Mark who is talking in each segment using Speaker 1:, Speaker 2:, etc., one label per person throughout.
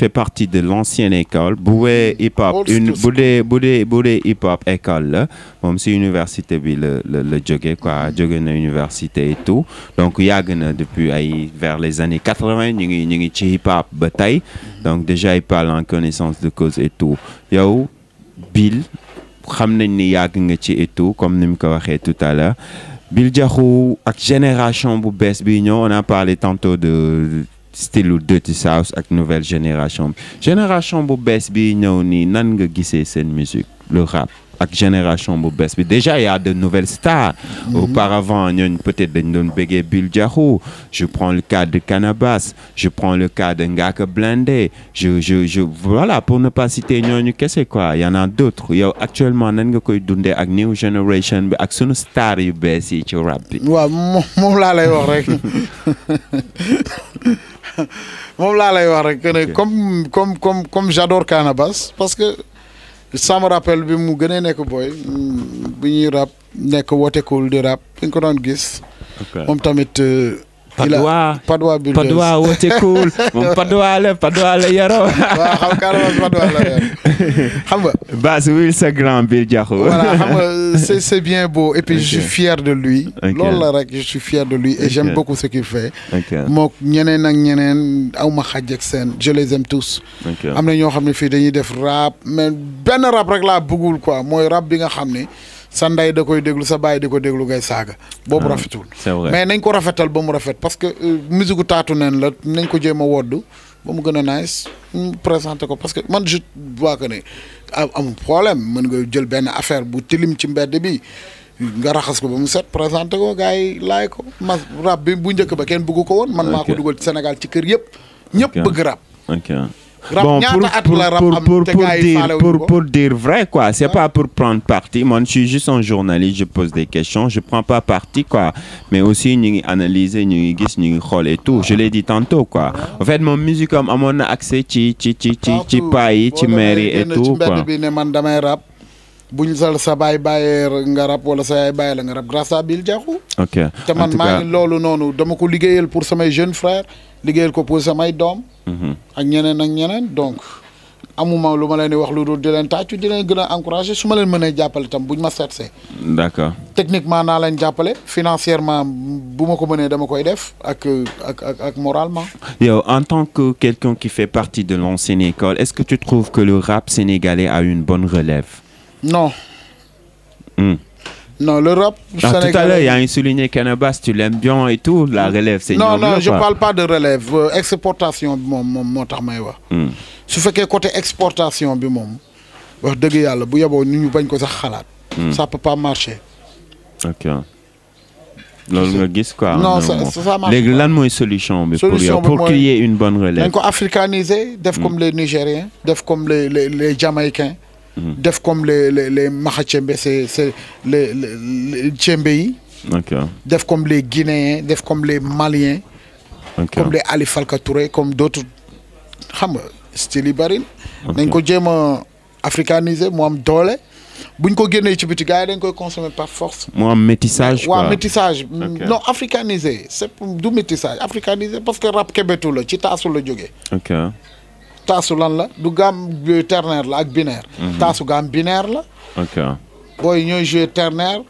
Speaker 1: fait partie de l'ancienne école, Boué hmm. Hip Hop, une Boué Boué Boué Hip Hop école comme si université bi le le quoi université et tout donc yàgg depuis vers les années 80 nous y a hip hop donc déjà il parle en connaissance de cause et tout yow Bill ni et tout comme nous l'avons tout à l'heure Bill Diakhou ak génération bou on a parlé tantôt de style Dirty South avec nouvelle génération génération bu bees bi c'est nii nan nga musique le rap ak génération bu bees bi déjà il y a de nouvelles stars mhm. auparavant peut-être dañ doon bëggee Bill je prends le cas de Canabas je prends le cas de Ngaka Blindé je je je voilà pour ne pas citer quest c'est quoi y en a d'autres yow actuellement nan nga koy dundee ak new generation bi ak sunu star yu bees yi ci rap bi
Speaker 2: moom laa lay wax rek que ne comme comme comme comme kaana bas parce que sama rappel bi mu gën nekk booy bi ñuy rap nekk woote cool di rap dañ ko doon gis. moom tamit. Euh, Padwa, Padwa, Builders. Padoa wote oh, cool. Mon
Speaker 1: Padwa le Padwa le Yaro. waaw xam carrément Padoa Padwa? yor xam nga. Bass wil sa grand bir jaxo voilà xam
Speaker 2: nga c'est c'est bien beau et puis okay. je suis fier de lui. ok la rek je suis fier de lui et okay. j'aime beaucoup ce qu'il fait. ok mook ñeneen ak ñeneen aw ma ak sen je les aime tous. am na ñoo xam dañuy def rap mais ben rap rek la bëggul quoi moy rap bi nga xamni sa ndey da koy déglu sa baay di ko déglu ngay saaga. boobu ah, rafetul mais nañ ko rafetal ba mu rafet parce que euh, musique taatu neen la nañ ko jee ma wodd ba mu gën a nice présenté ko parce que man je vois que ne am problème mën nga jël benn affaire bu tilim ci mbedd bi nga raxas ko ba mu set présenté ko gars yi laay ko mas rab bi bu njëkk ba kenn bugg ko woon. man maa ko dugal ci Sénégal ci kër yëpp.
Speaker 1: ñëpp bëgg rab. bon pour pour pour pour dire pour pour dire vrai quoi c'est pas pour prendre parti moi je suis juste un journaliste je pose des questions je prends pas parti quoi mais aussi ñu analyse analyser ñu ngi gis et tout je l'ai dit tantôt quoi en fait mon musique am amoon accès ci ci ci ci ci paye yi ci maire et tout quoi
Speaker 2: bu ñu sal sa bay bayer nga rap wala sa bay bàyyee la nga rap grâce à bil Diakhou.
Speaker 1: ok te man maa lolu
Speaker 2: loolu noonu dama ko liggéeyal pour samay jeunes frères liguel ko pour samay doom. Mhm. ak ñeneen ak ñeneen donc. amuma luma ma leen wax lu dul di leen tàccu di leen gën a encouragé su ma leen mënee jàppale buñ ma seetsee. d'accord techniquement naa leen jàppale financièrement bu ma ko mënee dama koy def ak ak ak moralement.
Speaker 1: yow en tant que quelqu'un qui fait partie de l'ancienne école est-ce que tu trouves que le rap sénégalais a une bonne relève.
Speaker 2: non. Mm. Non, l'Europe... sénégalais... Tout à l'heure, il y
Speaker 1: a souligné Canabas, tu l'aimes bien et tout, la relève, c'est Non, non, je ne parle
Speaker 2: pas de relève. Euh, exportation, mon, mon, mon tarmaïwa. Mm. Ce fait que côté exportation, bi ne wax hmm. peut pas marcher.
Speaker 1: OK. quoi. non ça ça marche pas. lan mooy solution mais pour qu'il y ait une bonne relève. dañ
Speaker 2: africaniser def hmm. comme les Nigériens def comme les les Jamaïcains def comme les les les c'est c'est les les def comme les Guinéens def comme les Maliens. comme les Ali Falka Touré comme d'autres xam nga style yi moi ko djema a africaniser am dolé. buñ ko ci petit gars dañ koy consommer par force.
Speaker 1: Moi am métissage quoi waaw métissage. Mm, non
Speaker 2: africanisé c'est du métissage africanisé parce que rap kebetu la ci taasu la jógee. taasu lan la du gaam ternaire la ak binaire. Mhm. taasu gaam binaire la. booy ñooy joué ternaire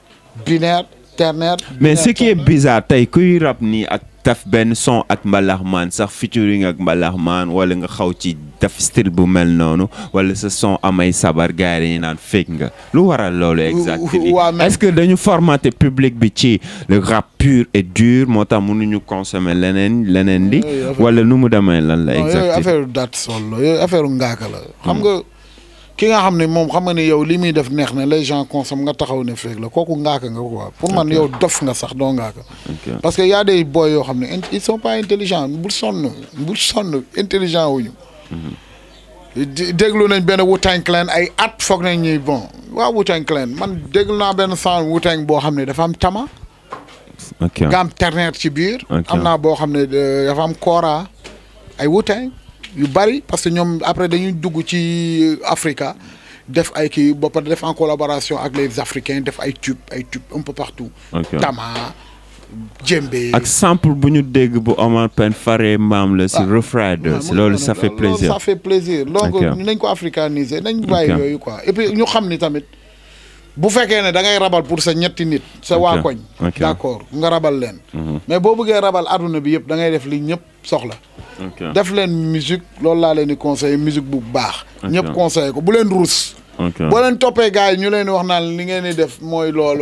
Speaker 2: binaire ternaire.
Speaker 1: mais ce qui est bizarre tey kuy rap nii ak taf benn son ak maan sax featuring ak mbalaxmaan wala nga xaw ci daf style bu mel noonu wala sa son amay sabar gars yi dañuy naan fake nga lu waral loolu exactement est-ce que dañu formaté public bi ci le rap pur et dur moo tax mënuñu consommer leneen leneen li wala nu mu demee lan la
Speaker 2: exactement la yooyu affaire ki nga xam ne moom xam nga ne yow li muy def neex na les gens consomment nga taxaw ne feeg la kooku ngaaka nga quoi pour man yow dof nga sax doo ngaaka parce que yaa a des boy yoo xam ne ils sont pas intelligents bul sonn bul sonn intelligent wuñu mhm. déglu nañ benn Wu-Tang ay at foog nañ ñuy bon waaw Wu-Tang man déglu naa benn son wu boo xam ne dafa am tama nga am ci biir am naa boo xam ne euh, dafa am kooraa ay wu yu bari parce que ñom après dañuy dugg ci Africa def ay ki bo par def en collaboration avec les Africains def ay tube ay tube un peu partout. tama djembe ak
Speaker 1: sample bu ñu dégg bu Omar Pène faré mam le si ah. Rough c'est loolu ça fait plaisir ça fait
Speaker 2: plaisir. donc nañ ko africaniser nañ bàyyi yoyu quoi et puis ñu xamni tamit bu fekkee ne da ngay rabal pour sa ñetti nit sa waa koñ Vous mhm. mais vous rabal aduna vous da ngay def li soxla def musique Vous conseil. musique bu Vous Vous ko bu vous vous gars ñu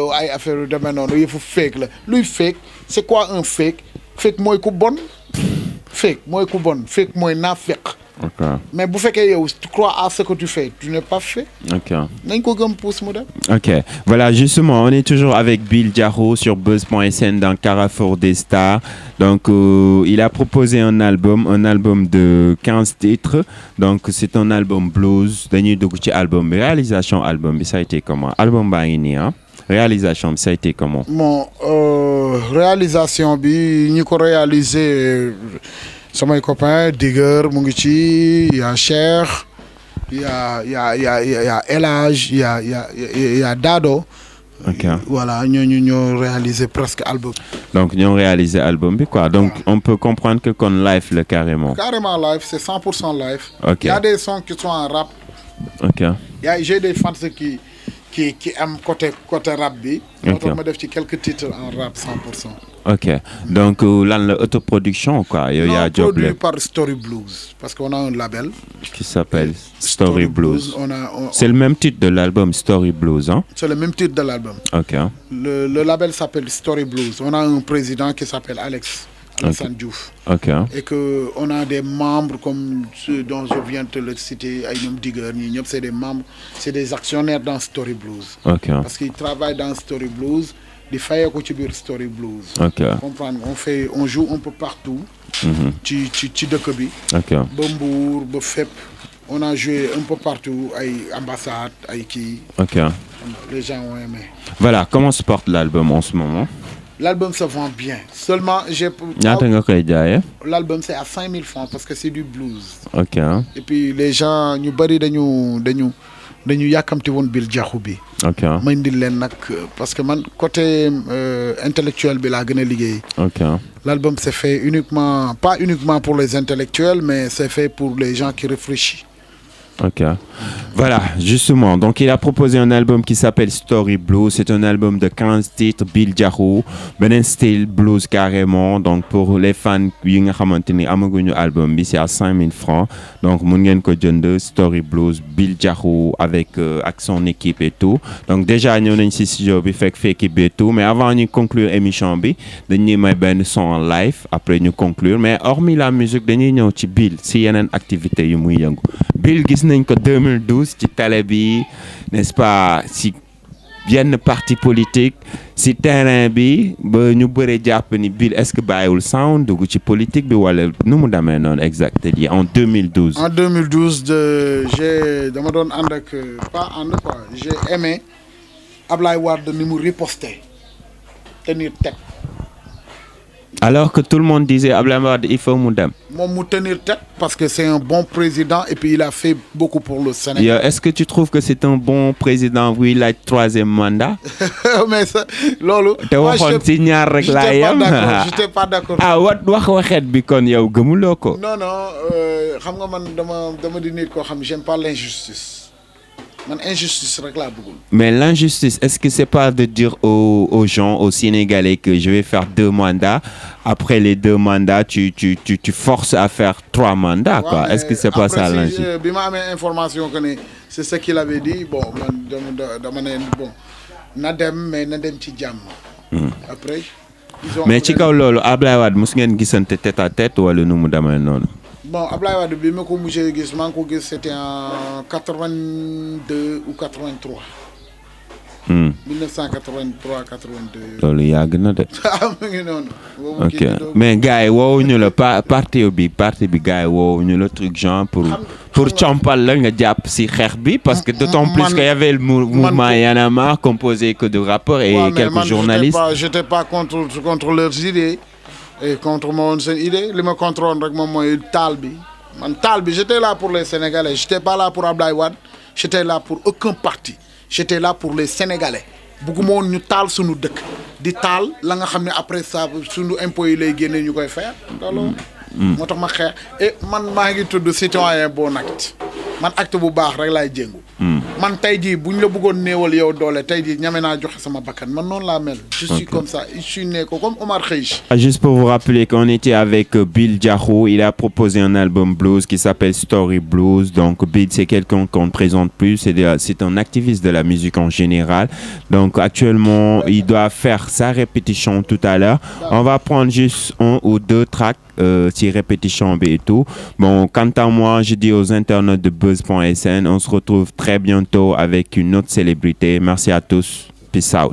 Speaker 2: wax Vous fake la luy fake C'est quoi un fake fake mooy ku bon fake bon fake n'a fake. Mais vous faites tu crois à ce que tu fais, tu n'es pas fait.
Speaker 1: Ok. Ok. Voilà, justement, on est toujours avec Bill Jarro sur Buzz.sn dans Carrefour des Stars. Donc, euh, il a proposé un album, un album de 15 titres. Donc, c'est un album blues. Daniel de album, réalisation album, ça a été comment Album Bahini, hein? réalisation ça a été comment
Speaker 2: Bon, euh, réalisation, bi, nous réalisé mon copains Digger mu il y' a Cher, y' y' a y' a Dado. ok voilà nous avons réalisé presque album.
Speaker 1: donc avons réalisé album bi quoi donc on peut comprendre que comme live le carrément.
Speaker 2: carrément live c'est 100 live. il y' a des sons qui sont en rap. ok j'ai des fans qui qui, qui aime côté, côté rap. Je Okay. Donc, quelques titres en rap 100%.
Speaker 1: Ok, donc euh, l'autoproduction, quoi. Il y a non, on produit
Speaker 2: par Story Blues, parce qu'on a un label.
Speaker 1: Qui s'appelle Story, Blues. C'est le même titre de l'album Story Blues, hein?
Speaker 2: C'est le même titre de l'album. Ok. le label s'appelle Story Blues. On a un président qui s'appelle Alex Okay. Hein. Et qu'on a des membres comme ceux dont je viens de le citer, c'est des membres, c'est des actionnaires dans Story Blues. Hein. Parce qu'ils travaillent dans Story Blues, des failles contributors Story Blues. Okay. on, fait, on joue un peu partout, Tchidokobi, mm -hmm. On a joué un peu partout, à Ambassade, à Iki. Hein. Les gens ont aimé.
Speaker 1: Voilà, comment se porte l'album en ce moment
Speaker 2: L'album se vend bien. Seulement, j'ai. Ah L'album, c'est à 5000 francs parce que c'est du blues. Ok. Hein. Et puis, les gens, nous de nous. nous parce que man côté euh, intellectuel bi
Speaker 1: nous,
Speaker 2: hein. fait uniquement pas uniquement pour les intellectuels mais c'est fait pour les gens qui réfléchissent.
Speaker 1: Ok. Voilà, justement. Donc, il a proposé un album qui s'appelle Story Blues. C'est un album de 15 titres, Bill Jarro, Benin un style blues carrément. Donc, pour les fans qui ont un album, c'est à 5000 francs. Donc, Mungen Story Blues, Bill Jarro avec, euh, action équipe et tout. Donc, déjà, nous avons ici studio, fait fait équipe et tout. Mais avant de conclure l'émission, nous avons ben son en live. Après, nous conclure. Mais hormis la musique, nous avons Bill. Si y a une activité, Bill avons Bill, nañ 2012 ci télé bi n'est-ce pas si yenn parti politique si terrain bi ba ñu bëre japp ni Bill est-ce que bàyyiwul sound dugg ci politique bi wala nu mu demee non exact en 2012. en
Speaker 2: 2012 de j'ai dama don ànd pas en quoi j'ai aimé Ablaye Wade ni mu riposté tenir tête.
Speaker 1: Alors que tout le monde disait Ablamad, il faut Moudem.
Speaker 2: Mon tenir tête parce que c'est un bon président et puis il a fait beaucoup pour le Sénégal.
Speaker 1: Est-ce que tu trouves que c'est un bon président Oui, il a troisième mandat.
Speaker 2: Mais ça, lolo. Tu waxon pas d'accord, je la yam. pas d'accord. Ah
Speaker 1: wat wax waxet bi kon yow Non non, je
Speaker 2: euh, ne nga man dama dama di nit ko xam j'aime pas l'injustice
Speaker 1: mais l'injustice est-ce que c'est pas de dire aux gens aux Sénégalais que je vais faire deux mandats après les deux mandats tu tu tu forces à faire trois mandats quoi est-ce que c'est pas ça l'injustice. après
Speaker 2: si bi ma information que c'est ce qu'il avait dit bon man bon na dem mais na dem ci jàmm. Hmm. après. mais ci kaw
Speaker 1: loolu Ablaye Wade mos ngeen gisante tête à tête wala nu mu des non
Speaker 2: bon Ablaye Wade bi ma je mujjee c'était en 82 ou 83. 1983 82.
Speaker 1: loolu yàgg na ah ok mais gars yi parti bi gars truc genre pour pour compal la nga si parce que d'autant plus qu'il y avait le mouvement Yanama composé que de rappeurs et quelques journalistes.
Speaker 2: j'étais pas contre contre leurs idées et contre moi, c'est idée li me contre contrôle, rek moom Talbi. man j'étais là pour les sénégalais j'étais pas là pour Ablaye j'étais là pour aucun parti j'étais là pour les sénégalais Beaucoup nous ñu di tal, la nga après ça nous impôts faire mm. ma et man ngi bon acte man acte je suis comme ça suis
Speaker 1: ah, juste pour vous rappeler qu'on était avec euh, Bill Jahou il a proposé un album blues qui s'appelle Story Blues donc Bill c'est quelqu'un qu'on ne présente plus c'est c'est un activiste de la musique en général donc actuellement il doit faire sa répétition tout à l'heure on va prendre juste un ou deux tracks euh, répétition répétitions et tout. Bon, quant à moi, je dis aux internautes de buzz.sn, on se retrouve très bientôt avec une autre célébrité. Merci à tous. Peace out.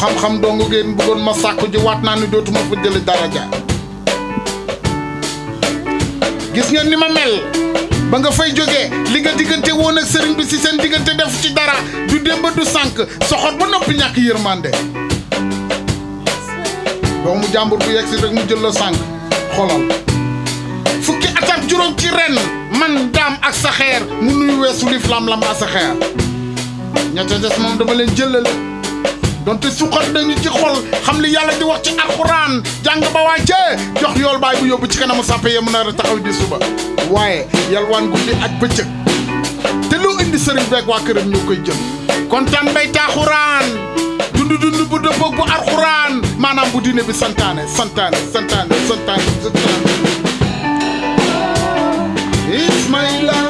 Speaker 2: xam-xam dongu gen bëggon ma sakku ji wat na ni dootuma fa dara daraja gis ngeen ni ma mel ba nga fay joggé li nga digënté won ak sëriñ bi ci seen digënté def ci dara du demb du sank soxor ba ñak ñàkk do mu jambur bu yexi rek mu jël la sank xolal fukki at juroom ci ren man dam ak sa xeer mu nuy wessu lif lam-lam ak sa xeer ñata des mom dama leen jëlale donte suqat nañu ci xol xam li yàlla di wax ci alquran jàng ba wàccee jox yool baay bu yóbbu ci kanamu sàppe ya mën a taxaw di suba waaye yalwaan guddi ak bëccëg te loo indi sëriñ beeg waa këram ñu koy jëm kontaan bay alquran dund dund bu dëppoog bu alquran maanaam bu diine bi santaane santaane santaane santaane santaane love.